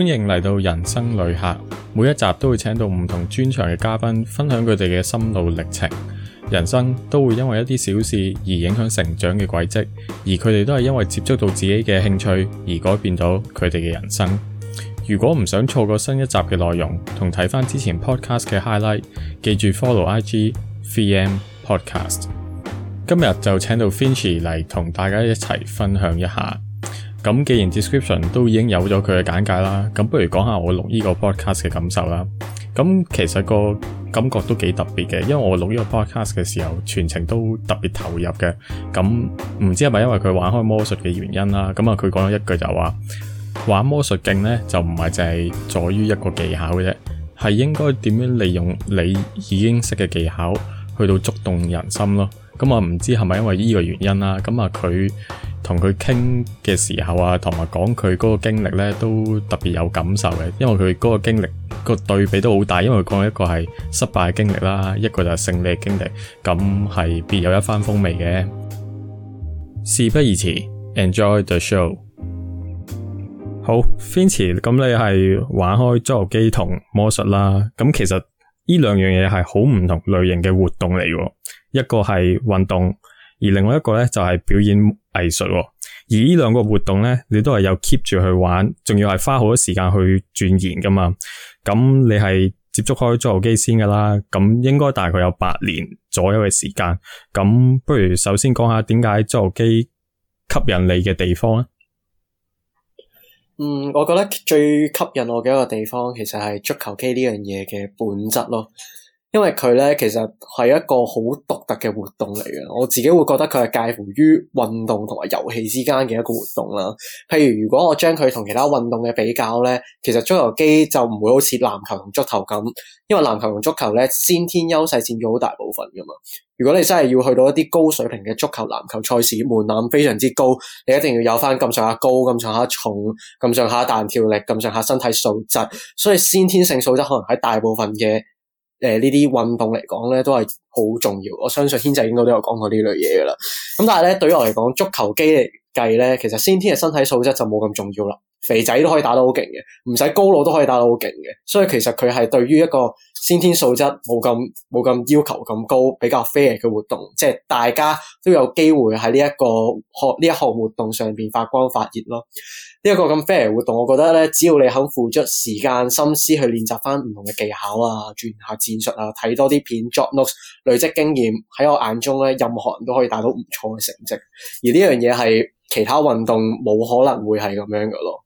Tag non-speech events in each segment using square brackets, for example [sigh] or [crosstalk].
歡迎嚟到人生旅客，每一集都會請到唔同專長嘅嘉賓，分享佢哋嘅心路歷程。人生都會因為一啲小事而影響成長嘅軌跡，而佢哋都係因為接觸到自己嘅興趣而改變到佢哋嘅人生。如果唔想錯過新一集嘅內容，同睇翻之前 podcast 嘅 highlight，記住 follow IG VM Podcast。今日就請到 Vinci 嚟同大家一齊分享一下。咁既然 description 都已經有咗佢嘅簡介啦，咁不如講下我錄呢個 podcast 嘅感受啦。咁其實個感覺都幾特別嘅，因為我錄呢個 podcast 嘅時候，全程都特別投入嘅。咁唔知係咪因為佢玩開魔術嘅原因啦？咁啊，佢講咗一句就話：玩魔術勁咧，就唔係淨係在於一個技巧嘅啫，係應該點樣利用你已經識嘅技巧，去到觸動人心咯。咁啊，唔、嗯、知係咪因為呢個原因啦？咁、嗯、啊，佢同佢傾嘅時候啊，同埋講佢嗰個經歷咧，都特別有感受嘅。因為佢嗰個經歷，個對比都好大，因為佢講一個係失敗嘅經歷啦，一個就係勝利嘅經歷，咁係別有一番風味嘅。事不宜遲，Enjoy the show 好。好，Vinci，咁你係玩開足球機同魔術啦。咁其實。呢兩樣嘢係好唔同類型嘅活動嚟嘅，一個係運動，而另外一個咧就係表演藝術。而呢兩個活動咧，你都係有 keep 住去玩，仲要係花好多時間去鑽研噶嘛。咁你係接觸開足球機先噶啦，咁應該大概有八年左右嘅時間。咁不如首先講下點解足球機吸引你嘅地方咧？嗯，我覺得最吸引我嘅一個地方，其實係足球機呢樣嘢嘅本質囉。因為佢咧，其實係一個好獨特嘅活動嚟嘅，我自己會覺得佢係介乎於運動同埋遊戲之間嘅一個活動啦。譬如如果我將佢同其他運動嘅比較咧，其實足球機就唔會好似籃球同足球咁，因為籃球同足球咧先天優勢占咗好大部分噶嘛。如果你真係要去到一啲高水平嘅足球、籃球賽事，門檻非常之高，你一定要有翻咁上下高、咁上下重、咁上下彈跳力、咁上下身體素質，所以先天性素質可能喺大部分嘅。誒，呃、運呢啲運動嚟講咧，都係好重要。我相信軒仔應該都有講過類、嗯、呢類嘢噶啦。咁但係咧，對於我嚟講，足球機嚟計咧，其實先天嘅身體素質就冇咁重要啦。肥仔都可以打得好勁嘅，唔使高佬都可以打得好勁嘅。所以其實佢係對於一個。先天素質冇咁冇咁要求咁高，比較 fair 嘅活動，即係大家都有機會喺呢一個學呢一項活動上邊發光發熱咯。呢一個咁 fair 活動，我覺得咧，只要你肯付出時間心思去練習返唔同嘅技巧啊，轉下戰術啊，睇多啲片 jot notes 累積經驗，喺我眼中咧，任何人都可以達到唔錯嘅成績。而呢樣嘢係其他運動冇可能會係咁樣嘅咯。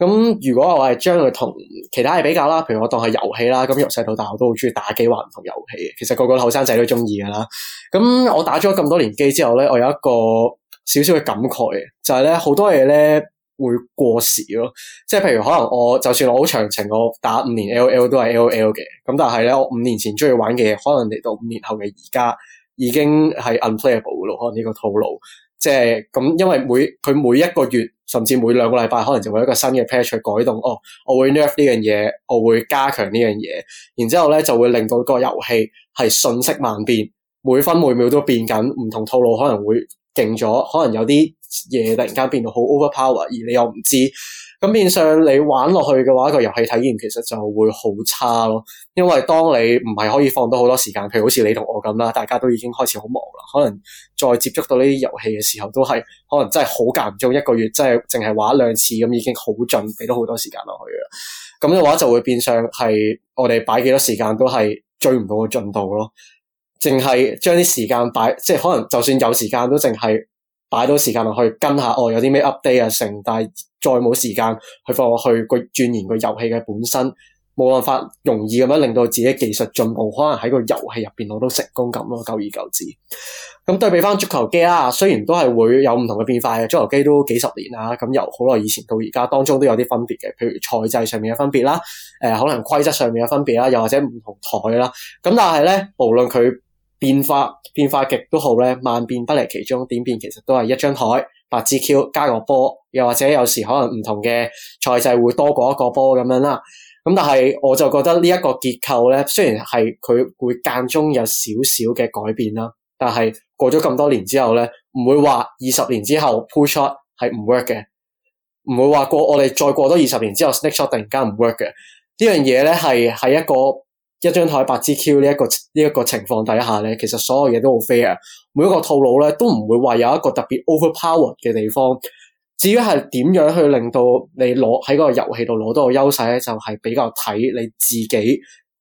咁如果我係將佢同其他嘢比較啦，譬如我當係遊戲啦，咁由細到大我都好中意打機玩唔同遊戲嘅。其實個個後生仔都中意噶啦。咁我打咗咁多年機之後咧，我有一個少少嘅感慨嘅，就係咧，好多嘢咧會過時咯。即係譬如可能我就算我好長情，我打五年 L O L 都係 L O L 嘅。咁但係咧，我五年前中意玩嘅嘢，可能嚟到五年後嘅而家已經係 unplayable 嘅咯。可能呢個套路即係咁，因為每佢每一個月，甚至每兩個禮拜可能就會有一個新嘅 patch 去改動，哦，我會 nerf 呢樣嘢，我會加強呢樣嘢，然之後咧就會令到個遊戲係瞬息萬變，每分每秒都變緊，唔同套路可能會勁咗，可能有啲嘢突然間變到好 overpower，而你又唔知。咁變相你玩落去嘅話，個遊戲體驗其實就會好差咯。因為當你唔係可以放到好多時間，譬如好似你同我咁啦，大家都已經開始好忙啦。可能再接觸到呢啲遊戲嘅時候都，都係可能真係好間唔中，一個月真係淨係玩兩次咁，已經好盡，俾到好多時間落去啦。咁嘅話就會變相係我哋擺幾多時間都係追唔到個進度咯，淨係將啲時間擺，即係可能就算有時間都淨係。擺到時間落去跟下，哦，有啲咩 update 啊，成，但係再冇時間去放落去佢鑽研佢遊戲嘅本身，冇辦法容易咁樣令到自己技術進步，可能喺個遊戲入邊攞到成功咁咯，久而久之。咁對比翻足球機啦。雖然都係會有唔同嘅變化嘅，足球機都幾十年啦，咁由好耐以前到而家當中都有啲分別嘅，譬如賽制上面嘅分別啦，誒、呃，可能規則上面嘅分別啦，又或者唔同台啦。咁但係咧，無論佢。變化變化極都好咧，萬變不離其中。點變其實都係一張台，八支 Q 加個波，又或者有時可能唔同嘅賽制會多過一個波咁樣啦。咁但係我就覺得呢一個結構咧，雖然係佢會間中有少少嘅改變啦，但係過咗咁多年之後咧，唔會話二十年之後 push shot 係唔 work 嘅，唔會話過我哋再過多二十年之後 snake shot 突然間唔 work 嘅呢樣嘢咧，係喺一個。一張台八支 Q 呢、一、一個呢一、一個情況底下咧，其實所有嘢都好 fair，每一個套路咧都唔會話有一個特別 overpower 嘅地方。至於係點樣去令到你攞喺嗰個遊戲度攞到個優勢咧，就係、係、比較睇你自己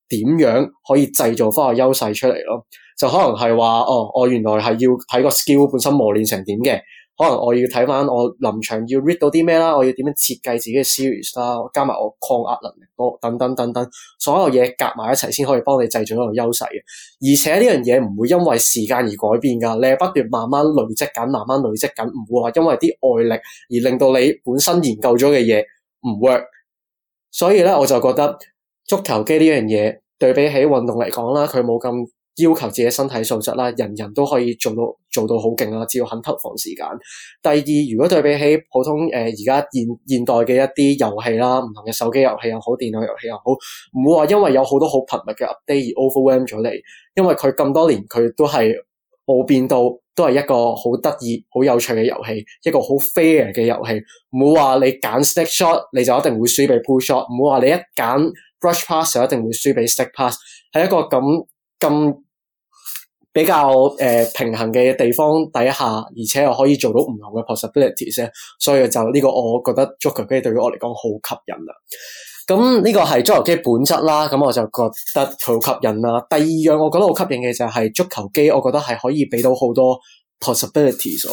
點樣可以製造翻個優勢出嚟咯。就可能係話哦，我原來係要喺個 skill 本身磨練成點嘅。可能我要睇翻我臨場要 read 到啲咩啦，我要點樣設計自己嘅 series 啦，加埋我抗壓能力多等等等等，所有嘢夾埋一齊先可以幫你製造一個優勢嘅。而且呢樣嘢唔會因為時間而改變㗎，你係不斷慢慢累積緊，慢慢累積緊，唔會話因為啲外力而令到你本身研究咗嘅嘢唔 work。所以咧，我就覺得足球機呢樣嘢對比起運動嚟講啦，佢冇咁。要求自己身體素質啦，人人都可以做到做到好勁啦，只要肯投放時間。第二，如果對比起普通誒，而家現現，現代嘅一啲遊戲啦，唔同嘅手機遊戲又好，電腦遊戲又好，唔會話因為有好多好頻密嘅 update 而 overwhelm 咗你，因為佢咁多年佢都係冇變到，都係一個好得意、好有趣嘅遊戲，一個好 fair 嘅遊戲。唔會話你揀 stick shot，你就一定會輸俾 pull shot；唔會話你一揀 brush pass 就一定會輸俾 stick pass，係一個咁。咁比較誒平衡嘅地方底下，而且又可以做到唔同嘅 possibilities，所以就呢個我覺得足球機對於我嚟講好吸引、嗯這個、啦。咁呢個係足球機本質啦，咁我就覺得佢好吸引啦。第二樣我覺得好吸引嘅就係足球機，我覺得係可以俾到好多 possibilities。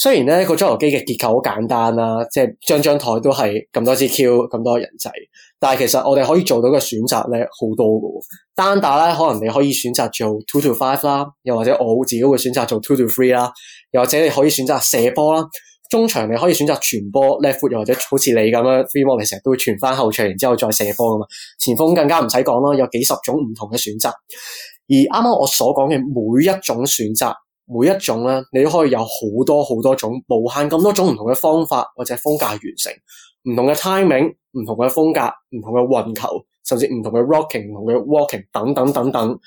雖然咧個足球機嘅結構好簡單啦，即係張張台都係咁多支 Q 咁多人仔，但係其實我哋可以做到嘅選擇咧好多嘅。單打咧，可能你可以選擇做 two to five 啦，5，又或者我自己會選擇做 two to three 啦，3，又或者你可以選擇射波啦。中場你可以選擇傳波 left foot，又或者好似你咁樣 three more，你成日都會傳翻後場，然之後再射波啊嘛。前鋒更加唔使講啦，有幾十種唔同嘅選擇。而啱啱我所講嘅每一種選擇。每一種咧，你都可以有好多好多種，無限咁多種唔同嘅方法或者風格完成，唔同嘅 timing，唔同嘅風格，唔同嘅運球，甚至唔同嘅 rocking，唔同嘅 walking 等等等等，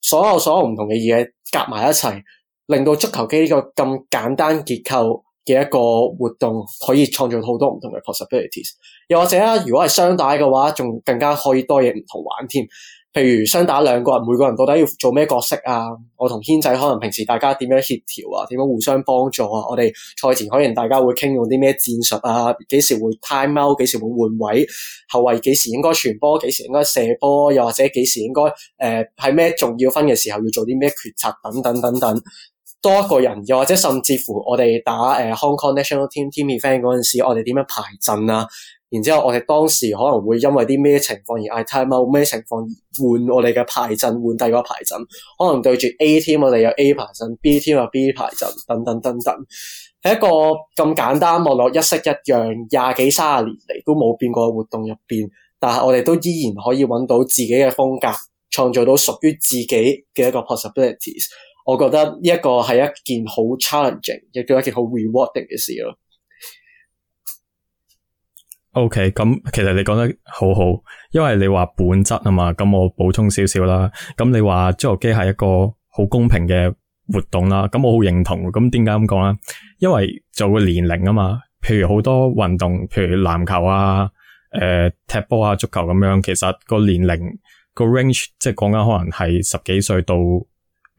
所有所有唔同嘅嘢夾埋一齊，令到足球機呢個咁簡單結構嘅一個活動，可以創造好多唔同嘅 possibilities。又或者啊，如果係雙帶嘅話，仲更加可以多嘢唔同玩添。譬如雙打兩個人，每個人到底要做咩角色啊？我同軒仔可能平時大家點樣協調啊？點樣互相幫助啊？我哋賽前可能大家會傾用啲咩戰術啊？幾時會 time out？幾時會換位？後衞幾時應該傳波？幾時應該射波？又或者幾時應該誒喺咩重要分嘅時候要做啲咩決策等等等等。多一個人，又或者甚至乎我哋打誒 Hong Kong National Team Team Event 嗰陣時，我哋點樣排陣啊？然之後我哋當時可能會因為啲咩情況而 timeout，咩情況而換我哋嘅排陣，換第二個排陣。可能對住 A Team 我哋有 A 排陣，B Team 有 B 排陣，等等等等。喺一個咁簡單、望落一式一樣，廿幾三十年嚟都冇變過嘅活動入邊，但係我哋都依然可以揾到自己嘅風格，創造到屬於自己嘅一個 possibilities。我覺得呢一個係一件好 challenging，亦都係一件好 rewarding 嘅事咯。OK，咁其實你講得好好，因為你話本質啊嘛。咁我補充少少啦。咁你話足球機係一個好公平嘅活動啦。咁我好認同。咁點解咁講咧？因為做個年齡啊嘛。譬如好多運動，譬如籃球啊、誒、呃、踢波啊、足球咁樣，其實個年齡、個 range 即係講緊可能係十幾歲到。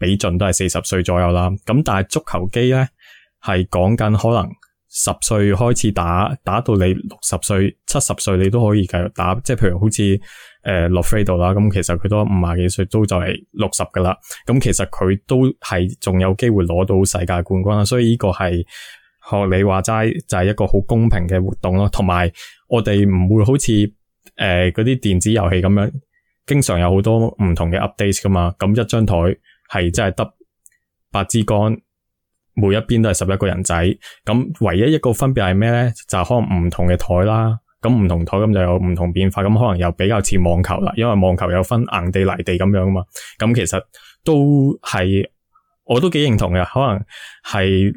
畀盡都係四十歲左右啦，咁但係足球機咧係講緊可能十歲開始打，打到你六十歲、七十歲你都可以繼續打。即係譬如好似誒 Loffredo 啦，咁其實佢都五廿幾歲都就係六十噶啦。咁其實佢都係仲有機會攞到世界冠軍啦，所以呢個係學你話齋就係一個好公平嘅活動咯。同埋我哋唔會好似誒嗰啲電子遊戲咁樣，經常有好多唔同嘅 update 噶嘛。咁一張台。係真係得八支桿，每一邊都係十一個人仔。咁唯一一個分別係咩咧？就係可能唔同嘅台啦。咁唔同台咁就有唔同變化。咁可能又比較似網球啦，因為網球有分硬地、泥地咁樣啊嘛。咁其實都係，我都幾認同嘅。可能係誒、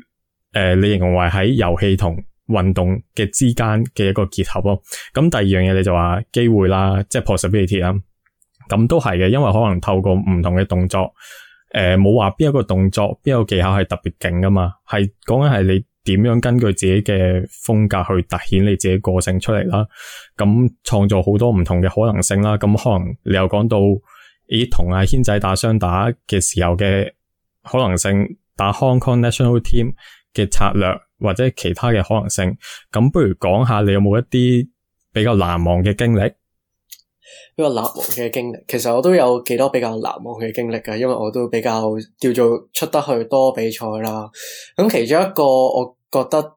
呃，你認為喺遊戲同運動嘅之間嘅一個結合咯。咁第二樣嘢你就話機會啦，即係 possibility 啦。咁都係嘅，因為可能透過唔同嘅動作。誒，冇話邊一個動作，邊個技巧係特別勁噶嘛，係講緊係你點樣根據自己嘅風格去凸顯你自己個性出嚟啦。咁創造好多唔同嘅可能性啦。咁可能你又講到，咦，同阿軒仔打雙打嘅時候嘅可能性，打 Hong Kong National Team 嘅策略或者其他嘅可能性。咁不如講下你有冇一啲比較難忘嘅經歷？比較難忘嘅經歷，其實我都有幾多比較難忘嘅經歷嘅，因為我都比較叫做出得去多比賽啦。咁其中一個，我覺得。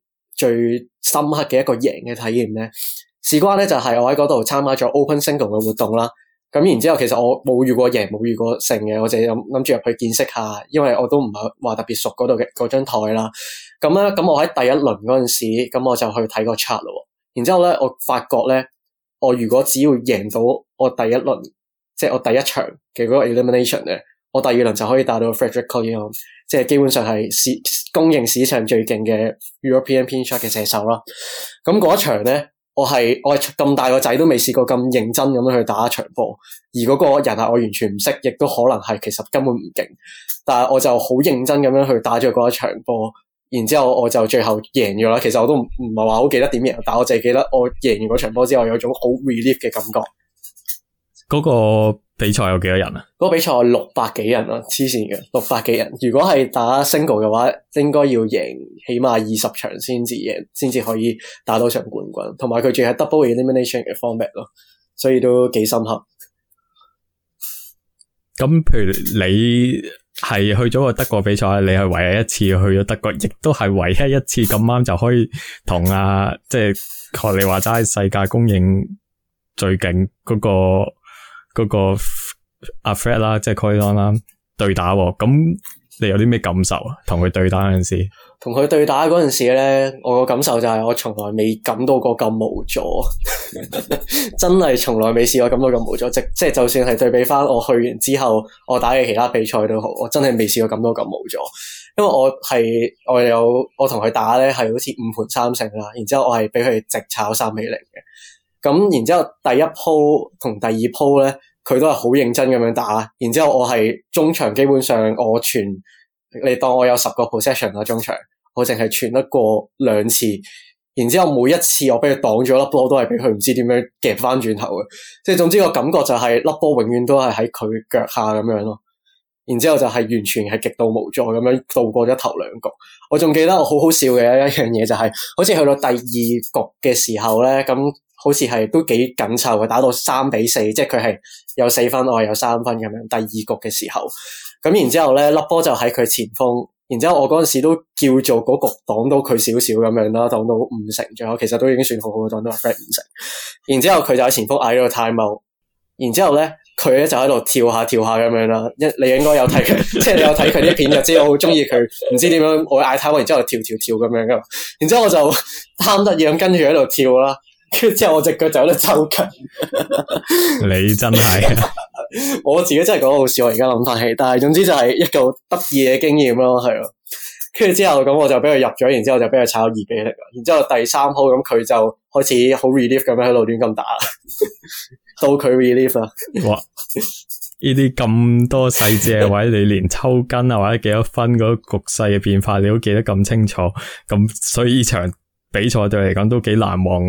最深刻嘅一個贏嘅體驗咧，事關咧就係、是、我喺嗰度參加咗 Open Single 嘅活動啦。咁然之後，其實我冇遇過贏，冇遇過勝嘅，我就諗諗住入去見識下，因為我都唔係話特別熟嗰度嘅嗰張台啦。咁咧，咁我喺第一輪嗰陣時，咁我就去睇個 chart 咯。然之後咧，我發覺咧，我如果只要贏到我第一輪，即、就、係、是、我第一場嘅嗰個 elimination 咧。我第二輪就可以打到 Frédéric Collignon，即係基本上係市公認史上最勁嘅 European Pin Shot 嘅射手啦。咁、嗯、嗰一場咧，我係我係咁大個仔都未試過咁認真咁樣去打一場波，而嗰個人係我完全唔識，亦都可能係其實根本唔勁。但係我就好認真咁樣去打咗嗰一場波，然之後我就最後贏咗啦。其實我都唔唔係話好記得點贏，但我淨係記得我贏完嗰場波之後有種好 relief 嘅感覺。嗰個。比賽有幾多人啊？嗰個比賽六百幾人咯，黐線嘅，六百幾人。如果係打 single 嘅話，應該要贏起碼二十場先至贏，先至可以打到上冠軍。同埋佢仲係 double elimination 嘅 format 咯，所以都幾深刻。咁譬如你係去咗個德國比賽，你係唯一一次去咗德國，亦都係唯一一次咁啱就可以同，阿即係學你話齋世界公認最勁嗰個。嗰個阿 Fred 啦，即係 Kai Lan 啦，對打咁，你有啲咩感受啊？同佢對打嗰陣時，同佢對打嗰陣時咧，我個感受就係我從來未感到過咁無， [laughs] 無助，真係從來未試過感到咁無助，即即係就算係對比翻我去完之後，我打嘅其他比賽都好，我真係未試過感到咁無助，因為我係我有我同佢打咧，係好似五盤三勝啦，然之後我係俾佢直炒三比零嘅。咁然之後第一鋪同第二鋪咧，佢都係好認真咁樣打。然之後我係中場，基本上我傳，你當我有十個 position 啊，中場我淨係傳得過兩次。然之後每一次我俾佢擋咗粒波，都係俾佢唔知點樣夾返轉頭嘅。即係總之個感覺就係粒波永遠都係喺佢腳下咁樣咯。然之後就係完全係極度無助咁樣度過咗頭兩局。我仲記得我好好笑嘅一樣嘢就係、是，好似去到第二局嘅時候咧，咁。好似係都幾緊湊嘅，打到三比四，即係佢係有四分我係有三分咁樣。第二局嘅時候，咁然之後咧粒波就喺佢前鋒，然之後我嗰陣時都叫做嗰局擋到佢少少咁樣啦，擋到五成，最後其實都已經算好好嘅擋到 f 五成。然之後佢就喺前鋒嗌咗個 time out 然之後咧佢咧就喺度跳下跳下咁樣啦。一你應該有睇， [laughs] 即係你有睇佢啲片就知我好中意佢，唔知點樣我會嗌 time out 然之後跳跳跳咁樣噶。然之後我就貪得意跟住喺度跳啦。跟住之後，我隻腳就喺度抽筋。你真係、啊， [laughs] 我自己真係覺得好笑。我而家諗翻起，但係總之就係一個得意嘅經驗咯，係咯。跟住之後咁，我就俾佢入咗，然之後就俾佢炒到二嚟。力。然之後第三鋪咁，佢就開始好 relief 咁樣喺度亂咁打， [laughs] 到佢 relief 啦。哇！呢啲咁多細節位， [laughs] 你連抽筋啊或者幾多分嗰個局勢嘅變化，你都記得咁清楚。咁所以呢場比賽對嚟講都幾難忘。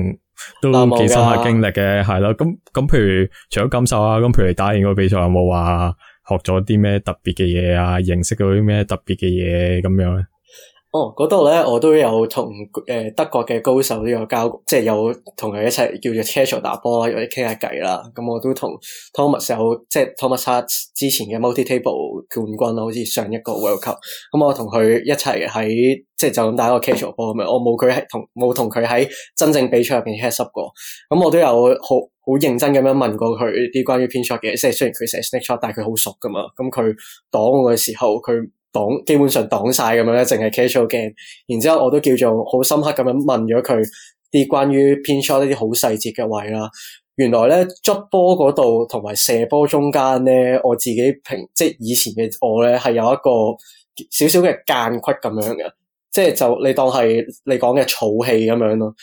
都幾深刻經歷嘅，係啦、啊。咁咁的，譬如除咗感受啊，咁譬如打完個比賽，有冇話學咗啲咩特別嘅嘢啊？認識咗啲咩特別嘅嘢咁樣咧？哦，嗰度咧，我都有同誒、呃、德國嘅高手都有交，即係有同佢一齊叫做 casual 打波啦，或者傾下偈啦。咁、嗯、我都同 Thomas 有，即係 Thomas Hart 之前嘅 multi table 冠軍啦，好似上一個 world cup 咁、嗯、我同佢一齊喺即係就咁打一個 casual 波咁樣，我冇佢喺，同冇同佢喺真正比賽入邊 head up 過。咁、嗯、我都有好好認真咁樣問過佢啲關於 Pinshot 嘅，即係雖然佢寫 snake shot 但係佢好熟噶嘛。咁佢擋我嘅時候，佢。擋基本上擋晒咁樣咧，淨係 casual game。然之後我都叫做好深刻咁樣問咗佢啲關於 pin shot 啲好細節嘅位啦。原來咧，捽波嗰度同埋射波中間咧，我自己平即係以前嘅我咧係有一個少少嘅間隙咁樣嘅，即係就你當係你講嘅儲氣，咁樣咯。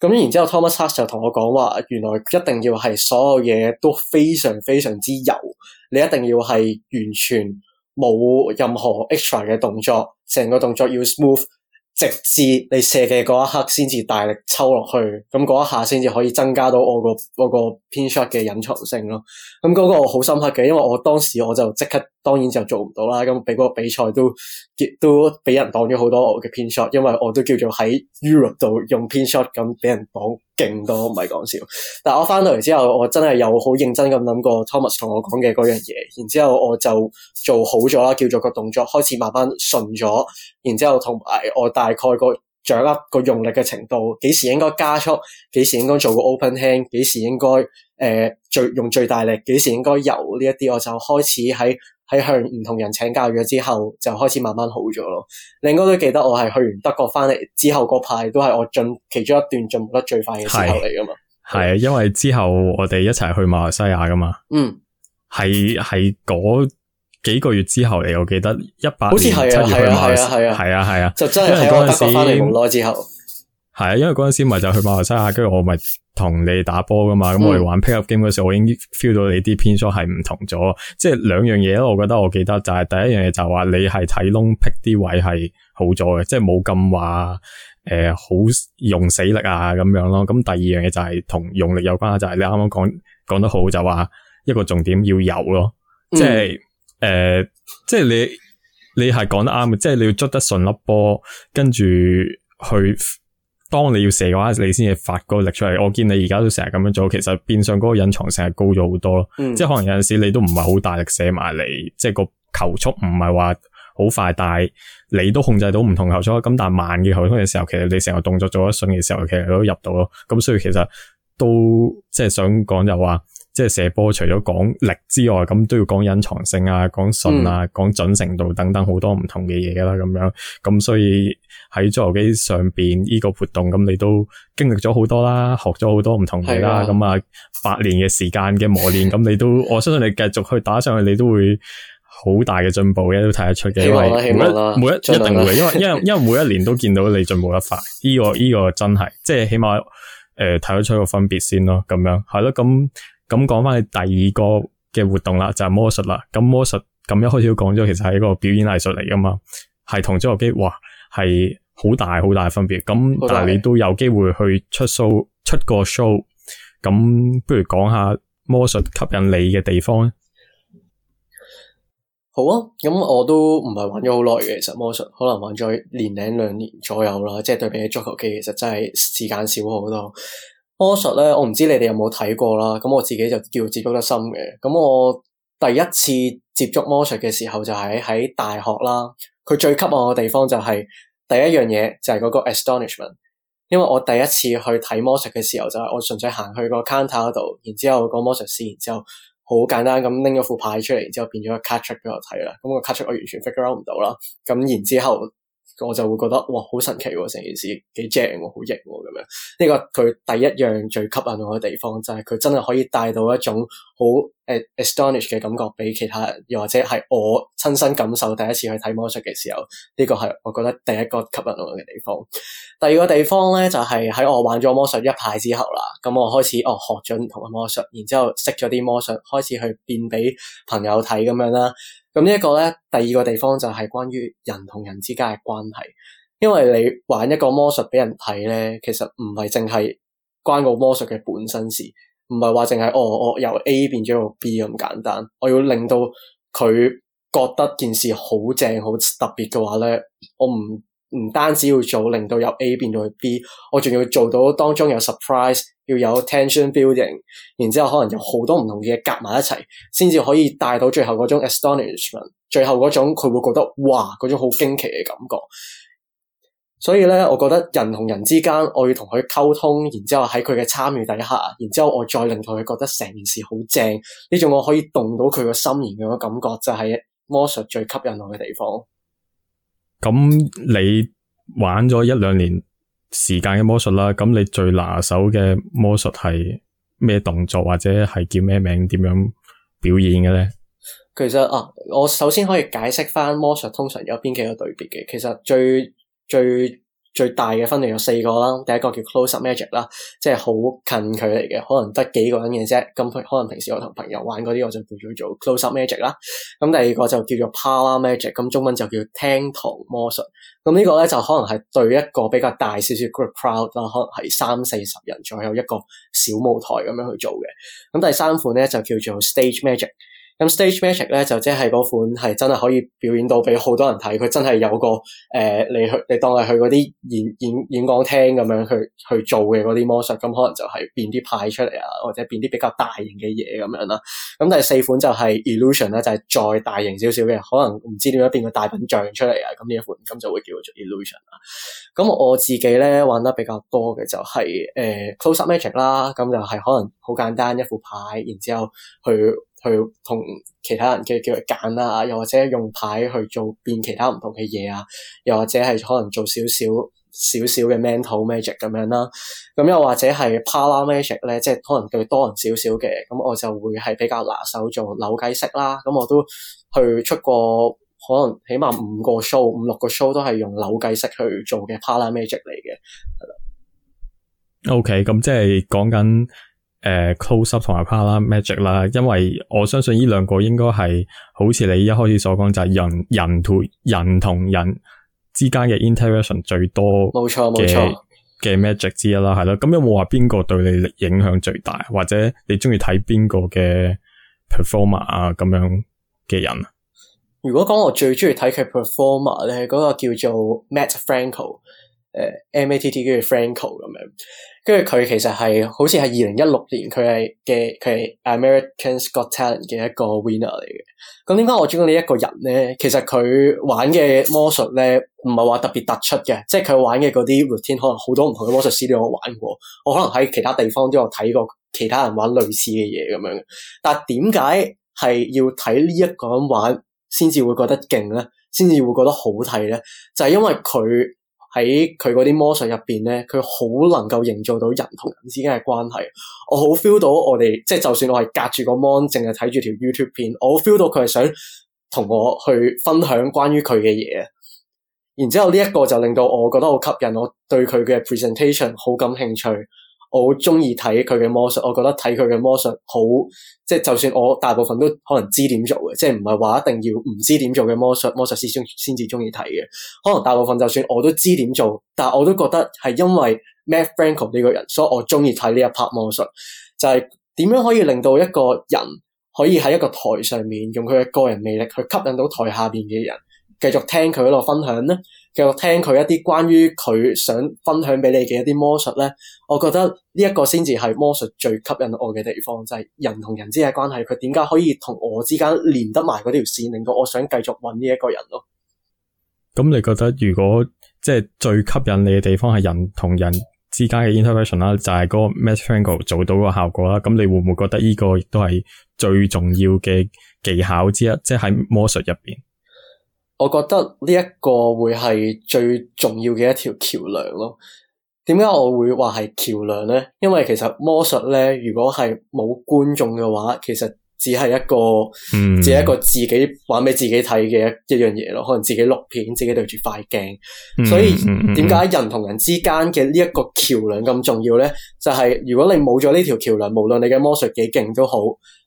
咁然之後 Thomas Hush 就同我講話，原來一定要係所有嘢都非常非常之油，你一定要係完全。冇任何 extra 嘅動作，成個動作要 smooth，直至你射嘅嗰一刻先至大力抽落去，咁嗰一下先至可以增加到我個我個 pin shot 嘅隱藏性咯。咁、那、嗰個我好深刻嘅，因為我當時我就即刻，當然就做唔到啦。咁、那、俾個比賽都都俾人擋咗好多我嘅 pin shot，因為我都叫做喺 Europe 度用 pin shot 咁俾人擋。勁多唔係講笑，但我翻到嚟之後，我真係有好認真咁諗過 Thomas 同我講嘅嗰樣嘢，然之後我就做好咗啦，叫做個動作開始慢慢順咗，然之後同埋我大概個掌握個用力嘅程度，幾時應該加速，幾時應該做個 open hand，幾時應該誒、呃、最用最大力，幾時應該遊呢一啲，我就開始喺喺向唔同人請教咗之後，就開始慢慢好咗咯。你應該都記得我係去完德國翻嚟之後嗰排，都係我進其中一段進步得最快嘅時候嚟噶嘛？係啊是，因為吧之後我哋一齊去馬來西亞噶嘛。嗯，係係嗰幾個月之後嚟，我記得一八年七月去馬來西亞，係啊係啊，就真係喺德國翻嚟唔耐之後。係啊，因為嗰陣時咪就去馬來西亞，跟住我咪同你打波噶嘛。咁、嗯、我哋玩 pick up game 嗰時，我已經 feel 到你啲偏縮係唔同咗。即係兩樣嘢咧，我覺得我記得就係、是、第一樣嘢就話你係睇窿劈啲位係好咗嘅，即係冇咁話誒好用死力啊咁樣咯。咁第二樣嘢就係同用力有關就係、是、你啱啱講講得好就話一個重點要有咯，嗯、即係誒即係你你係講得啱嘅，即係你，你，你要捉得順粒波，跟住去。當你要射嘅話，你先至發嗰個力出嚟。我見你而家都成日咁樣做，其實變相嗰個隱藏性係高咗好多咯。嗯、即係可能有陣時你都唔係好大力射埋嚟，即係個球速唔係話好快，但係你都控制到唔同球速。咁但係慢嘅球速嘅時候，其實你成個動作做得順嘅時候，其實都入到咯。咁所以其實都即係想講就話。即係射波，除咗講力之外，咁都要講隱藏性啊、講信啊、講、嗯、準程度等等好多唔同嘅嘢啦。咁樣咁，所以喺足球機上邊呢個活動，咁你都經歷咗好多啦，學咗好多唔同嘢啦。咁啊，八年嘅時間嘅 [laughs] 磨練，咁你都我相信你繼續去打上去，你都會好大嘅進步嘅，都睇得出嘅。希望啦，因為每一，起啦，一，能一定會，因為因為 [laughs] 因為每一年都見到你進步得快。呢、這個呢、這個這個真係，即係起碼誒睇得出個分別先咯。咁樣係咯，咁。咁講翻去第二個嘅活動啦，就係魔術啦。咁魔術咁一開始都講咗，其實係一個表演藝術嚟㗎嘛，係同足球機哇係好大好大分別。咁但係你都有機會去出 show 出個 show。咁不如講下魔術吸引你嘅地方咧？好啊，咁我都唔係玩咗好耐嘅，其實魔術可能玩咗年零兩年左右啦。即係對比起足球機，其實真係時間少好多。魔術咧，我唔知你哋有冇睇過啦。咁我自己就叫接觸得深嘅。咁我第一次接觸魔術嘅時候就係喺大學啦。佢最吸引我嘅地方就係第一樣嘢就係嗰個 astonishment。因為我第一次去睇魔術嘅時候就係我純粹行去個 counter 嗰度，然之後個魔術師然之後好簡單咁拎咗副牌出嚟，然之後變咗個 catch up 俾我睇啦。咁個 catch up 我完全 figure out 唔到啦。咁然之後。我就會覺得哇，好神奇喎、啊！成件事幾正喎，好型喎咁樣。呢、這個佢第一樣最吸引我嘅地方就係佢真係可以帶到一種好誒 astonish 嘅感覺俾其他人，又或者係我親身感受第一次去睇魔術嘅時候，呢、這個係我覺得第一個吸引我嘅地方。第二個地方咧就係、是、喺我玩咗魔術一排之後啦，咁、嗯、我開始哦學咗同埋魔術，然之後識咗啲魔術，開始去變俾朋友睇咁樣啦。咁呢一個咧，第二個地方就係關於人同人之間嘅關係，因為你玩一個魔術俾人睇咧，其實唔係淨係關個魔術嘅本身事，唔係話淨係哦，我由 A 變咗個 B 咁簡單，我要令到佢覺得件事好正、好特別嘅話咧，我唔。唔單止要做令到由 A 變到去 B，我仲要做到當中有 surprise，要有 tension building，然之後可能有好多唔同嘅嘢夾埋一齊，先至可以帶到最後嗰種 astonishment，最後嗰種佢會覺得哇，嗰種好驚奇嘅感覺。所以咧，我覺得人同人之間，我要同佢溝通，然之後喺佢嘅參與底下，然之後我再令到佢覺得成件事好正，呢種我可以動到佢個心弦嘅感覺就係魔術最吸引我嘅地方。咁你玩咗一兩年時間嘅魔術啦，咁你最拿手嘅魔術係咩動作或者係叫咩名？點樣表演嘅咧？其實啊，我首先可以解釋翻魔術通常有邊幾個類別嘅。其實最最。最大嘅分類有四個啦，第一個叫 close-up magic 啦，即係好近距離嘅，可能得幾個人嘅啫。咁佢可能平時我同朋友玩嗰啲，我就叫做 close-up magic 啦。咁第二個就叫做 parlour magic，咁中文就叫廳堂魔術。咁、這、呢個咧就可能係對一個比較大少少 group crowd 啦，可能係三四十人左右一個小舞台咁樣去做嘅。咁第三款咧就叫做 stage magic。咁 stage magic 咧就即係嗰款係真係可以表演到俾好多人睇，佢真係有個誒、呃，你去你當係去嗰啲演演演講廳咁樣去去做嘅嗰啲魔術，咁可能就係變啲牌出嚟啊，或者變啲比較大型嘅嘢咁樣啦。咁第四款就係 illusion 咧，就係再大型少少嘅，可能唔知點樣變個大品像出嚟啊。咁呢一款咁就會叫做 illusion 啦。咁我自己咧玩得比較多嘅就係、是、誒、呃、close up magic 啦，咁就係可能好簡單一副牌，然之後去。去同其他人嘅叫佢揀啦，又或者用牌去做變其他唔同嘅嘢啊，又或者係可能做少少少少嘅 mental magic 咁樣啦，咁又或者係 parlor magic 咧，即係可能對多人少少嘅，咁我就會係比較拿手做扭計式啦。咁我都去出過可能起碼五個 show、五六個 show 都係用扭計式去做嘅 parlor magic 嚟嘅。係啦。OK，咁即係講緊。誒，close up 同埋帕啦 magic 啦，因為我相信呢兩個應該係好似你一開始所講，就係、是、人人同人同人之間嘅 interaction 最多，冇錯冇錯嘅 magic 之一啦，係咯，咁有冇話邊個對你影響最大，或者你中意睇邊個嘅 performer 啊咁樣嘅人？如果講我最中意睇佢 performer 咧，嗰個叫做 Matt Franco，誒 Matt 跟住 Franco 咁樣。M A T 因住佢其實係好似係二零一六年佢係嘅佢係 America's Got Talent 嘅一個 winner 嚟嘅。咁點解我中意呢一個人咧？其實佢玩嘅魔術咧，唔係話特別突出嘅，即係佢玩嘅嗰啲 routine 可能好多唔同嘅魔術師都有玩過。我可能喺其他地方都有睇過其他人玩類似嘅嘢咁樣。但係點解係要睇呢一個人玩先至會覺得勁咧，先至會覺得好睇咧？就係因為佢。喺佢嗰啲魔 o 入邊咧，佢好能夠營造到人同人之間嘅關係。我好 feel 到我哋，即係就算我係隔住個 mon，淨係睇住條 YouTube 片，我 feel 到佢係想同我去分享關於佢嘅嘢。然之後呢一個就令到我覺得好吸引，我對佢嘅 presentation 好感興趣。我好中意睇佢嘅魔術，我覺得睇佢嘅魔術好，即係就算我大部分都可能知點做嘅，即係唔係話一定要唔知點做嘅魔術魔術師先先至中意睇嘅。可能大部分就算我都知點做，但係我都覺得係因為 Matt Franco 呢個人，所以我中意睇呢一 part 魔術，就係、是、點樣可以令到一個人可以喺一個台上面用佢嘅個人魅力去吸引到台下邊嘅人繼續聽佢喺度分享呢？繼續聽佢一啲關於佢想分享俾你嘅一啲魔術咧，我覺得呢一個先至係魔術最吸引我嘅地方，就係人同人之間嘅關係，佢點解可以同我之間連得埋嗰條線，令到我想繼續搵呢一個人咯。咁你覺得如果即係最吸引你嘅地方係人同人之間嘅 interaction 啦，就係嗰個 magic triangle 做到個效果啦，咁你會唔會覺得呢個亦都係最重要嘅技巧之一，即係喺魔術入邊？我覺得呢一個會係最重要嘅一條橋樑咯。點解我會話係橋樑咧？因為其實魔術咧，如果係冇觀眾嘅話，其實只係一個、嗯、只係一個自己玩俾自己睇嘅一一樣嘢咯。可能自己錄片，自己對住塊鏡。所以點解、嗯、人同人之間嘅呢一個橋樑咁重要咧？就係、是、如果你冇咗呢條橋樑，無論你嘅魔術幾勁都好，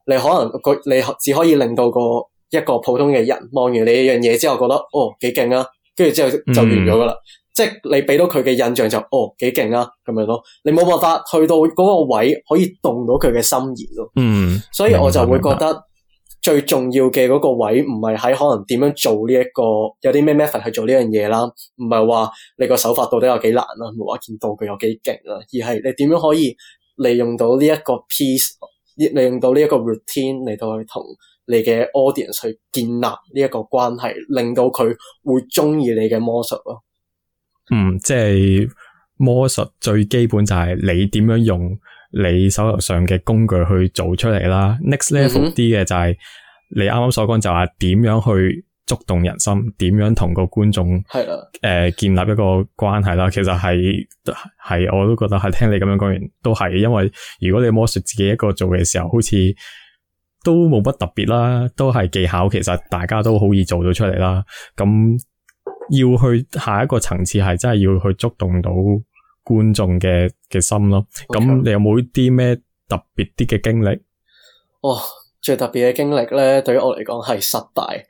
你可能佢你只可以令到個。一個普通嘅人望完你一樣嘢之後，覺得哦，幾勁啊，跟住之後就完咗噶啦。嗯、即係你俾到佢嘅印象就哦，幾勁啊咁樣咯。你冇辦法去到嗰個位可以動到佢嘅心弦咯。嗯，所以我就會覺得最重要嘅嗰個位唔係喺可能點樣做呢一個有啲咩 method 去做呢樣嘢啦，唔係話你個手法到底有幾難啊，冇話見到佢有幾勁啊，而係你點樣可以利用到呢一個 piece，利用到呢一個 routine 嚟到去同你嘅 audience 去建立呢一個關係，令到佢會中意你嘅魔術咯。嗯，即係魔術最基本就係你點樣用你手頭上嘅工具去做出嚟啦。Next level 啲嘅、嗯、哼就係你啱啱所講就話點樣去觸動人心，點樣同個觀眾係啦，誒的、呃、建立一個關係啦。其實係係我都覺得係聽你咁樣講完都係，因為如果你魔術自己一個做嘅時候，好似。都冇乜特別啦，都係技巧，其實大家都好易做到出嚟啦。咁要去下一個層次，係真係要去觸動到觀眾嘅嘅心咯。咁 Okay. 你有冇啲咩特別啲嘅經歷？哦，最特別嘅經歷咧，對於我嚟講係失敗，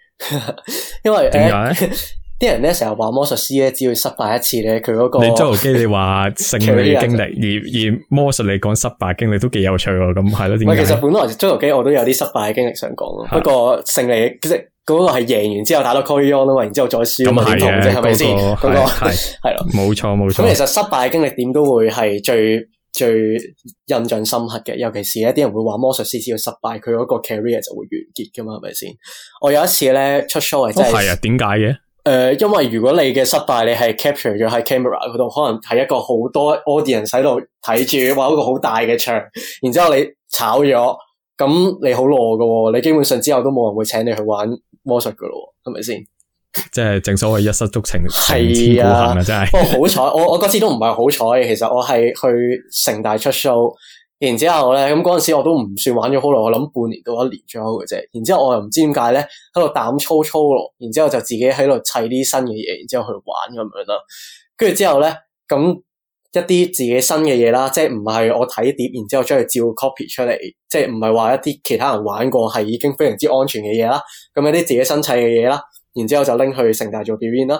[laughs] 因為點解？ [laughs] 啲人咧成日話魔術師咧，只要失敗一次咧，佢嗰個你足球機你話勝利經，歷、 [laughs] 啊、經歷，而而魔術你講失敗經歷都幾有趣喎。咁係咯，點解其實本來足球機我都有啲失敗嘅經歷想講是的 不過，勝利其實嗰個係贏完之後打到 carry on 啦，然之後再輸咁，係同係咪先？咁啊，係係冇錯冇錯。咁其實失敗嘅經歷點都會係最最印象深刻嘅，尤其是一啲人會話魔術師只要失敗，佢嗰個 career 就會完結噶嘛，係咪先？我有一次咧出 show 係真係啊、哦，點解嘅？誒、呃，因為如果你嘅失敗，你係 capture 咗喺 camera 嗰度，可能係一個好多 audience 喺度睇住，哇，一個好大嘅場，然之後你炒咗，咁你好耐噶，你基本上之後都冇人會請你去玩魔術噶咯，係咪先？即係正所謂一失足成千古恨啊，真係。不過好彩，我我嗰次都唔係好彩，其實我係去城大出 show。然之後咧，咁嗰陣時我都唔算玩咗好耐，我諗半年到一年左右嘅啫。然之後我又唔知點解咧，喺度膽粗粗咯。然之後就自己喺度砌啲新嘅嘢，然之後去玩咁樣啦。跟住之後咧，咁一啲自己新嘅嘢啦，即係唔係我睇碟，然之後將嚟照 copy 出嚟，即係唔係話一啲其他人玩過係已經非常之安全嘅嘢啦。咁有啲自己新砌嘅嘢啦，然之後就拎去城大做表演啦。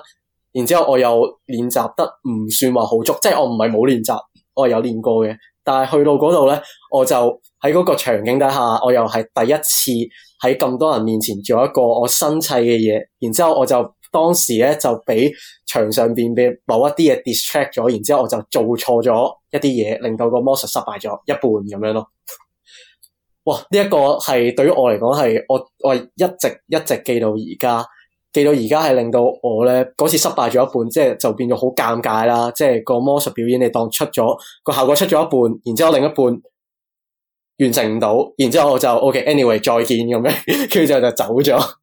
然之後我又練習得唔算話好足，即係我唔係冇練習，我係有練過嘅。但係去到嗰度咧，我就喺嗰個場景底下，我又係第一次喺咁多人面前做一個我新砌嘅嘢，然之後我就當時咧就俾牆上邊嘅某一啲嘢 distract 咗，然之後我就做錯咗一啲嘢，令到個魔術失敗咗一半咁樣咯。哇！呢一個係對於我嚟講係我我一直一直記到而家。記到而家係令到我咧嗰次失敗咗一半，即係就變咗好尷尬啦！即係個魔術表演，你當出咗個效果出咗一半，然之後另一半完成唔到，然之後我就 OK，anyway，、okay，再見咁樣，跟住之後就就走咗。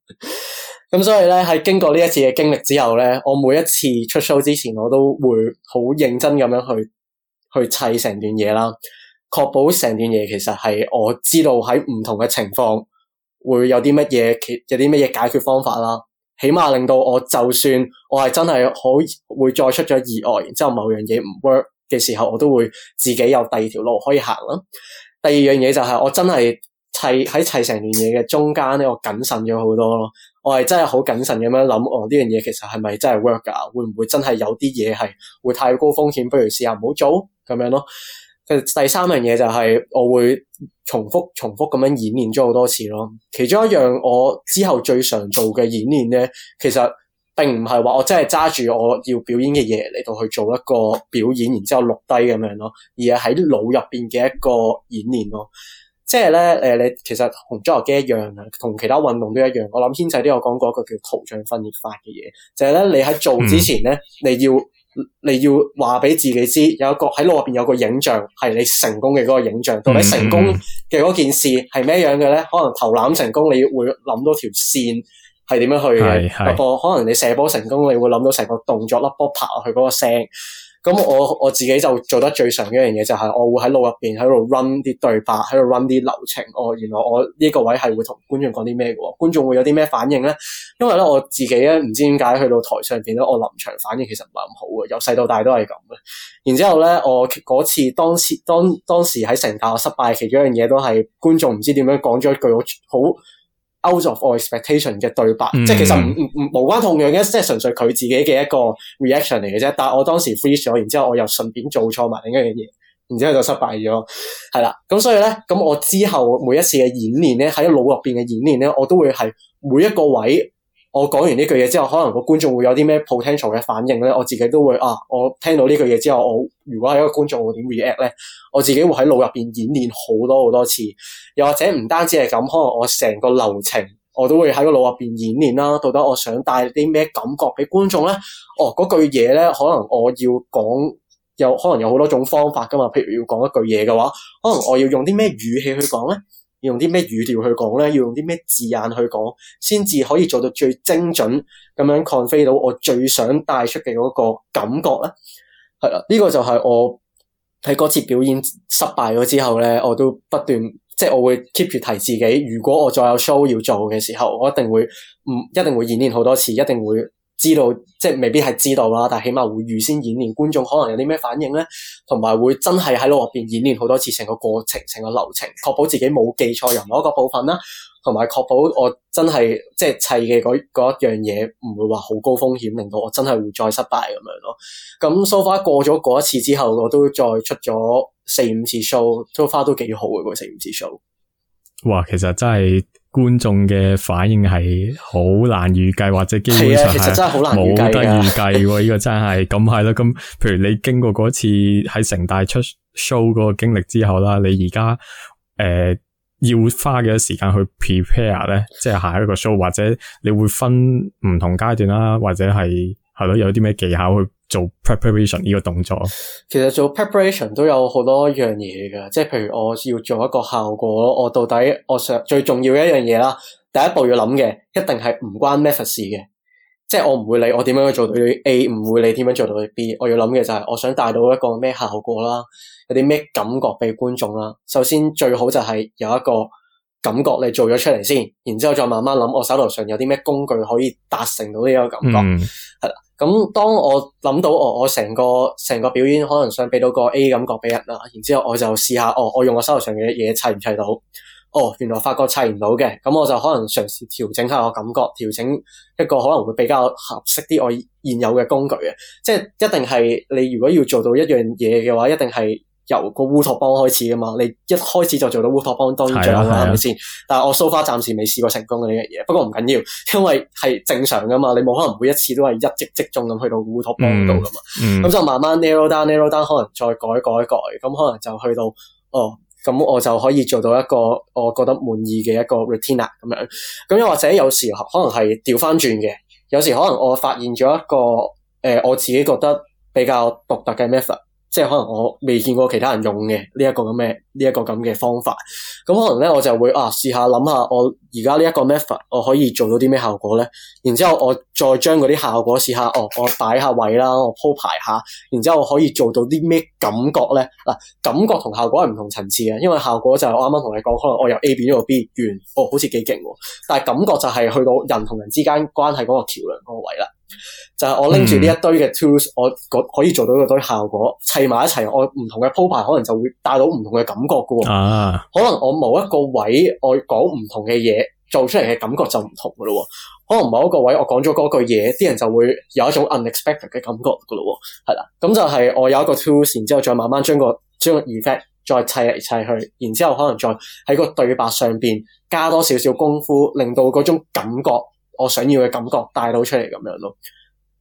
咁 [laughs] 所以咧，喺經過呢一次嘅經歷之後咧，我每一次出 show 之前，我都會好認真咁樣去去砌成段嘢啦，確保成段嘢其實係我知道喺唔同嘅情況會有啲乜嘢，有啲乜嘢解決方法啦。起碼令到我就算我係真係好會再出咗意外，然之後某樣嘢唔 work 嘅時候，我都會自己有第二條路可以行啦。第二樣嘢就係我真係砌喺砌成段嘢嘅中間咧，我謹慎咗好多咯。我係真係好謹慎咁樣諗，哦，呢樣嘢其實係咪真係 work 㗎？會唔會真係有啲嘢係會太高風險？不如試下唔好做咁樣咯。第三樣嘢就係我會重複重複咁樣演練咗好多次咯。其中一樣我之後最常做嘅演練咧，其實並唔係話我真係揸住我要表演嘅嘢嚟到去做一個表演，然之後錄低咁樣咯，而係喺腦入邊嘅一個演練咯。即係咧，誒，你其實同足球機一樣啊，同其他運動都一樣。我諗軒仔都有講過一個叫圖像訓練法嘅嘢，就係咧你喺做之前咧，你要、嗯。你要話俾自己知，有一個喺腦入邊有個影像係你成功嘅嗰個影像。到底成功嘅嗰件事係咩樣嘅咧？嗯、可能投籃成功你會諗到條線係點樣去嘅。不過可能你射波成功你會諗到成個動作粒波拍落去嗰個聲。咁我我自己就做得最常一樣嘢就係我會喺腦入邊喺度 run 啲對白，喺度 run 啲流程。我原來我呢個位係會同觀眾講啲咩嘅喎，觀眾會有啲咩反應咧？因為咧我自己咧唔知點解去到台上邊咧，我臨場反應其實唔係咁好嘅，由細到大都係咁嘅。然之後咧，我嗰次當次當當時喺成敗我失敗，其中一樣嘢都係觀眾唔知點樣講咗一句好好。我 Out of our expectation 嘅對白，嗯、即係其實唔唔唔無關痛癢嘅，即係純粹佢自己嘅一個 reaction 嚟嘅啫。但係我當時 freeze 咗，然之後我又順便做錯埋另一樣嘢，然之後就失敗咗，係啦。咁所以咧，咁我之後每一次嘅演練咧，喺腦入邊嘅演練咧，我都會係每一個位。我講完呢句嘢之後，可能個觀眾會有啲咩 potential 嘅反應咧。我自己都會啊，我聽到呢句嘢之後，我如果係一個觀眾，我點 react 咧？我自己會喺腦入邊演練好多好多次。又或者唔單止係咁，可能我成個流程我都會喺個腦入邊演練啦。到底我想帶啲咩感覺俾觀眾咧？哦，嗰句嘢咧，可能我要講，有可能有好多種方法㗎嘛。譬如要講一句嘢嘅話，可能我要用啲咩語氣去講咧？要用啲咩語調去講咧？要用啲咩字眼去講，先至可以做到最精準咁樣 convey 到我最想帶出嘅嗰個感覺咧。係啦，呢個就係我喺嗰次表演失敗咗之後咧，我都不斷即係我會 keep 住提自己。如果我再有 show 要做嘅時候，我一定會唔一定會演練好多次，一定會。知道即係未必係知道啦，但係起碼會預先演練觀眾可能有啲咩反應咧，同埋會真係喺腦入邊演練好多次成個過程、成個流程，確保自己冇記錯任何一個部分啦，同埋確保我真係即係砌嘅嗰一樣嘢唔會話好高風險，令到我真係會再失敗咁樣咯。咁 so far 過咗嗰一次之後，我都再出咗四五次 show，so far 都幾好嘅喎，四五次 show，五次 show 哇，其實真係～觀眾嘅反應係好難預計，或者基本上其實真係好難冇得預計喎。呢、這個真係咁係咯。咁、 [laughs] 嗯嗯、譬如你經過嗰次喺城大出 show 嗰個經歷之後啦，你而家誒要花幾多時間去 prepare 咧？即、就、係、是、下一個 show，或者你會分唔同階段啦，或者係係咯，有啲咩技巧去？做 preparation 呢個動作，其實做 preparation 都有好多樣嘢嘅。即係譬如我要做一個效果，我到底我想最重要嘅一樣嘢啦，第一步要諗嘅一定係唔關咩事嘅，即係我唔會理我點樣做到 A，唔會理點樣做到 B，我要諗嘅就係我想帶到一個咩效果啦，有啲咩感覺俾觀眾啦。首先最好就係有一個感覺你做咗出嚟先，然之後再慢慢諗我手頭上有啲咩工具可以達成到呢個感覺，係啦、嗯。咁當我諗到哦，我成個成個表演可能想俾到個 A 感覺俾人啦，然之後我就試下哦，我用我手頭上嘅嘢砌唔砌到？哦，原來發覺砌唔到嘅，咁、嗯、我就可能嘗試調整下我感覺，調整一個可能會比較合適啲我現有嘅工具啊！即係一定係你如果要做到一樣嘢嘅話，一定係。由個烏托邦開始噶嘛？你一開始就做到烏托邦當然最好啦，係咪先？啊啊、但係我 so far 暫時未試過成功嘅呢樣嘢。不過唔緊要緊，因為係正常噶嘛。你冇可能每一次都係一擊即，即，即中咁去到烏托邦度噶嘛？咁就、啊、慢慢 narrow down，narrow down，可能再改改改，咁可能就去到哦。咁我就可以做到一個我覺得滿意嘅一個 routine 啊咁樣。咁又或者有時可能係調翻轉嘅，有時可能我發現咗一個誒、呃、我自己覺得比較獨特嘅 method。即係可能我未見過其他人用嘅呢一個咁嘅呢一個咁嘅方法，咁可能咧我就會啊試下諗下我而家呢一個 method 我可以做到啲咩效果咧？然之後我再將嗰啲效果試下，哦，我擺下位啦，我鋪排下，然之後我可以做到啲咩感覺咧？嗱、啊，感覺同效果係唔同層次嘅，因為效果就係我啱啱同你講，可能我由 A 變到 B 完，哦，好似幾勁喎，但係感覺就係去到人同人之間關係嗰個橋梁嗰個位啦。就係我拎住呢一堆嘅 tools，嗯、我可以做到嗰堆效果砌埋一齊。我唔同嘅鋪排可能就會帶到唔同嘅感覺噶喎。啊、可能我某一個位我講唔同嘅嘢，做出嚟嘅感覺就唔同噶咯喎。可能某一個位我講咗嗰句嘢，啲人就會有一種 unexpected 嘅感覺噶咯喎。係啦，咁就係我有一個 tools，然之後再慢慢將、將個 effect 再砌嚟砌去，然之後可能再喺個對白上邊加多少少功夫，令到嗰種感覺我想要嘅感覺帶到出嚟咁樣咯。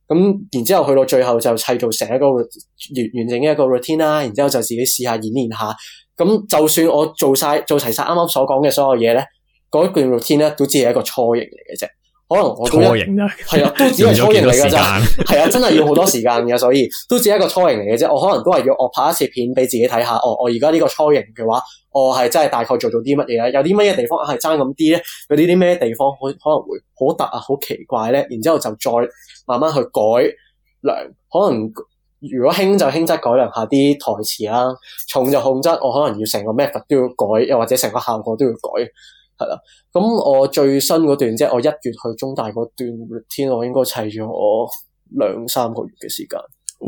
咁然之後去到最後就砌造成一個完完整嘅一個 routine 啦，然之後就自己試下演練下。咁就算我做晒做齊晒啱啱所講嘅所有嘢咧，嗰段 routine 咧都只係一個初型嚟嘅啫。可能我咁樣係啊，都只係初型嚟㗎咋。係啊，真係要好多時間嘅的， [laughs] 所以都只係一個初型嚟嘅啫。我可能都係要我拍一次片俾自己睇下，哦，我我而家呢個初型嘅話，我係真係大概做做啲乜嘢咧？有啲乜嘢地方係爭咁啲咧？有啲啲咩地方可可能會好突啊、好奇怪咧？然之後就再慢慢去改良。可能如果輕就輕則改良下啲台詞啦，重就重則，我可能要成個 method 都要改，又或者成個效果都要改。係啦，咁我最新嗰段即係我一月去中大嗰段 routine，我應該砌咗我兩三個月嘅時間。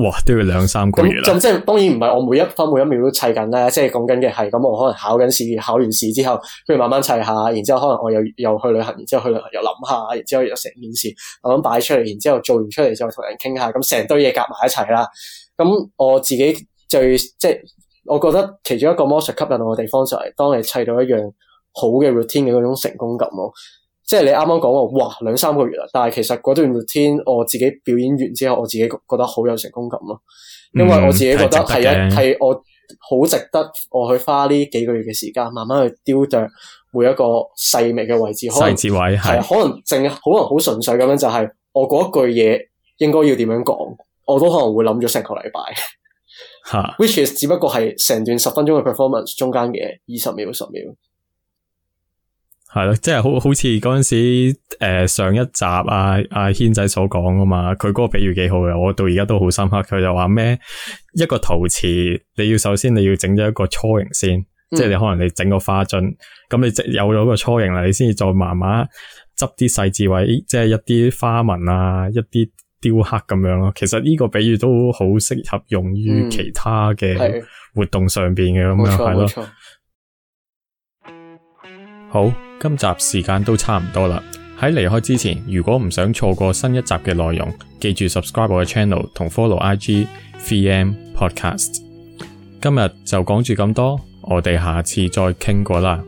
哇，都要兩三個月啦。咁即係當然唔係我每一分每一秒都砌緊咧，即係講緊嘅係咁，我可能考緊試，考完試之後，不如慢慢砌下，然之後可能我又又去旅行，然之後去旅行又諗下，然之後又成件事慢慢擺出嚟，然之後做完出嚟，就同人傾下，咁成堆嘢夾埋一齊啦。咁我自己最即係我覺得其中一個魔術吸引我嘅地方就係，當你砌到一樣。好嘅 routine 嘅嗰種成功感咯，即係你啱啱講話，哇兩三個月啦，但係其實嗰段 routine 我自己表演完之後，我自己覺得好有成功感咯，因為我自己覺得係一係、嗯、我好值得我去花呢幾個月嘅時間，慢慢去雕琢每一個細微嘅位置，細節位係，可能淨可能好純粹咁樣就係我嗰句嘢應該要點樣講，我都可能會諗咗成個禮拜哈 [laughs] ，which is 只不過係成段十分鐘嘅 performance 中間嘅二十秒十秒。係咯，即係好好似嗰陣時，誒、呃、上一集啊，阿、啊、軒仔所講噶嘛，佢嗰個比喻幾好嘅，我到而家都好深刻。佢就話咩一個陶瓷，你要首先你要整咗一個初型先，嗯、即係你可能你整個花樽，咁你即有咗個初型啦，你先至再慢慢執啲細緻位，即係一啲花紋啊，一啲雕刻咁樣咯。其實呢個比喻都好適合用於其他嘅活動上邊嘅咁樣，係咯。好，今集時間都差唔多啦。喺離開之前，如果唔想錯過新一集嘅內容，記住 subscribe 我嘅 channel 同 follow IG VM Podcast。今日就講住咁多，我哋下次再傾過啦。